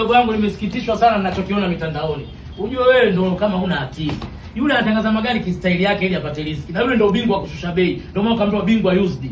mdogo wangu, nimesikitishwa sana ninachokiona mitandaoni. Ujue wewe ndo kama huna akili. Yule anatangaza magari kistaili yake ili apate riziki, na yule ndio bingwa kushusha bei, ndio maana ukamtoa bingwa used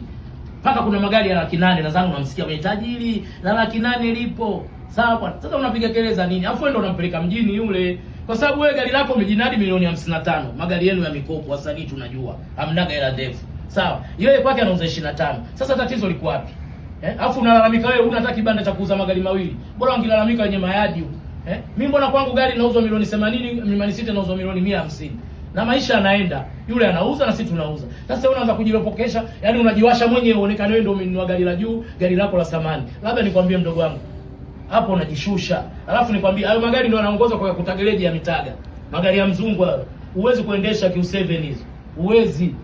Paka kuna magari ya laki nane na zangu namsikia mwenye tajiri na laki nane lipo. Sawa bwana, sasa unapiga keleza nini? Afu wewe ndio unampeleka mjini yule, kwa sababu wewe gari lako umejinadi milioni 55. Magari yenu ya mikopo, wasanii tunajua hamnaga hela ndefu. Sawa, yeye kwake anauza 25. Sasa tatizo liko wapi? Eh? afu unalalamika wewe huna hata kibanda cha kuuza magari mawili. Bora wangilalamika wenye mayadi huko. Eh? Mimi mbona kwangu gari linauzwa milioni 80, milioni 60 linauzwa milioni 150. Na maisha yanaenda. Yule anauza na sisi tunauza. Sasa wewe unaanza kujilopokesha, yaani unajiwasha mwenyewe uonekane wewe ndio umenunua gari la juu, gari lako la samani. Labda nikwambie mdogo wangu. Hapo unajishusha. Alafu nikwambie hayo magari ndio yanaongoza kwa kutageleji ya mitaga. Magari ya mzungu hayo. Uwezi kuendesha Q7 hizo. Uwezi.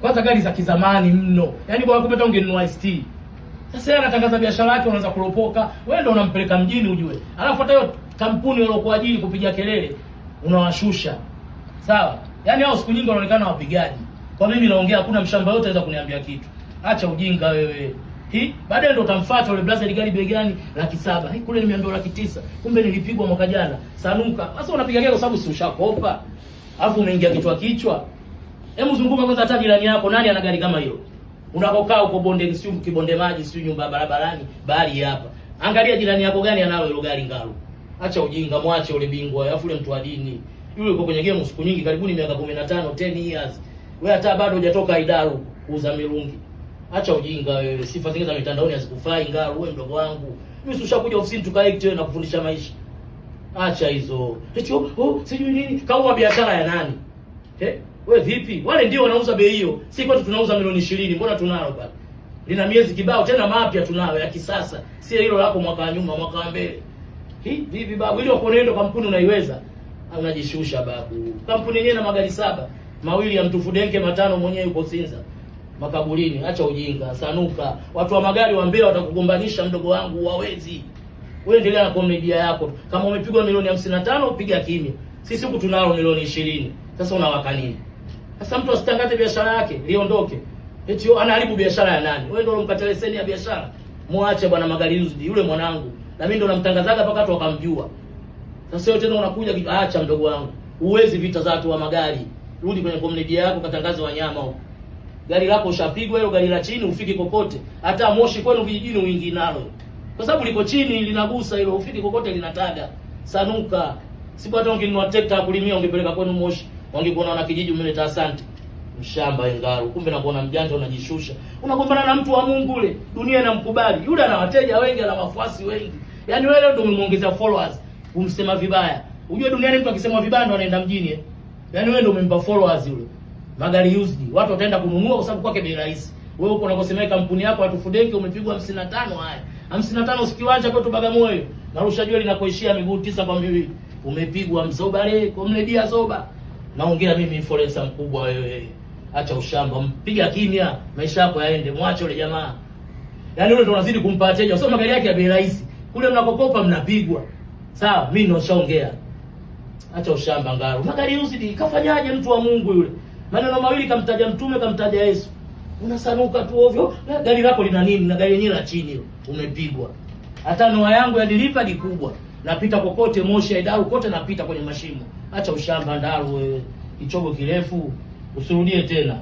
Kwanza gari za kizamani mno. Yaani bwana kumbe ungenunua ST. Sasa anatangaza biashara yake, unaanza kulopoka Wewe ndio unampeleka mjini ujue. Alafu hata hiyo kampuni waliokuajiri kupiga kelele unawashusha. Sawa? Yaani hao siku nyingi wanaonekana wapigaji. Kwa mimi naongea, hakuna mshamba yote anaweza kuniambia kitu. Acha ujinga wewe. Hi, baadaye ndio utamfuata yule blazer gari bei gani? Laki saba. Hii kule nimeambiwa laki tisa. Kumbe nilipigwa mwaka jana. Sanuka. Sasa unapiga kelele kwa sababu si ushakopa. Alafu unaingia kichwa kichwa. Hebu zunguka kwanza hata jirani yako, nani ana gari kama hilo? unapokaa uko bonde, sio kibonde maji, sio nyumba barabarani, bali hapa. Angalia jirani yako gani analo hilo gari ngalo. Acha ujinga, mwache ule bingwa, afu ule mtu wa dini. Yule uko kwenye game siku nyingi, karibuni miaka 15, 10 years. Wewe hata bado hujatoka idaru kuuza mirungi. Acha ujinga wewe. Sifa zingine za mitandaoni hazikufai ngalo, wewe mdogo wangu. Mimi si ushakuja ofisini tukae tena na kufundisha maisha. Acha hizo. Eti oh, oh sijui nini, kama biashara ya nani? Eh, we vipi? Wale ndio wanauza bei hiyo. Si kwetu tunauza milioni 20, mbona tunalo bwana? Lina miezi kibao tena mapya tunayo ya kisasa. Si hilo lako mwaka wa nyuma, mwaka wa mbele. Hii vipi babu? Ile uko nendo kampuni unaiweza. Unajishusha babu. Kampuni yenyewe na magari saba, mawili ya mtufu denke matano mwenyewe yuko Sinza. Makaburini, acha ujinga, sanuka. Watu wa magari wa mbele watakugombanisha mdogo wangu, wawezi. Wewe endelea na komedia yako. Kama umepigwa milioni 55 piga kimya. Sisi huku tunalo milioni ishirini. Sasa unawaka nini? Sasa mtu asitangaze biashara yake, liondoke. Eti anaharibu biashara ya nani? Wewe ndio ulimkata leseni ya biashara. Muache bwana magari used yule mwanangu. Na mimi ndio namtangazaga mpaka watu wakamjua. Sasa wewe tena unakuja acha mdogo wangu. Uwezi vita za watu wa magari. Rudi kwenye komedi yako katangaze wanyama huko. Gari lako ushapigwa hilo gari la chini ufiki kokote. Hata moshi kwenu vijijini uingi nalo. Kwa sababu liko chini linagusa hilo ufiki kokote linataga. Sanuka. Siku hata ungenunua trekta ya kulimia ungepeleka kwenu Moshi, wangekuona wana kijiji umeleta asante. Mshamba Ingaru, kumbe nakuona mjanja unajishusha. Unagombana na mtu wa Mungu ule. Dunia inamkubali. Yule ana wateja wengi, ana wafuasi wengi. Yaani wewe leo ndio umemwongezea followers, umsema vibaya. Unajua duniani mtu akisema vibaya ndo anaenda mjini eh. Yaani wewe ndio umempa followers yule. Magari used, watu wataenda kununua kwa sababu kwake bei rahisi. Wewe uko unakosemea kampuni yako watu fudenge umepigwa 55 haya. 55 usikiwacha kwetu Bagamoyo. Narusha jua linakoishia miguu tisa kwa miwili umepigwa mzoba le kumledia zoba. Naongea mimi influencer mkubwa wewe, acha ushamba, mpiga kimya, maisha yako yaende, mwache yule jamaa. Yaani yule ndo unazidi kumpa wateja, sio magari yake ya bei rahisi kule mnakokopa mnapigwa. Sawa, mimi noshaongea, acha ushamba ngaro. Magari usidi kafanyaje? Mtu wa Mungu yule, maneno mawili kamtaja Mtume, kamtaja Yesu unasanuka tu ovyo. Gari lako lina nini? Na gari yenyewe la chini, umepigwa. Hata noa yangu ya delivery kubwa napita kokote Moshi Aidaru kote napita kwenye mashimo. Acha ushamba Ndaru wewe, kichogo kirefu usirudie tena.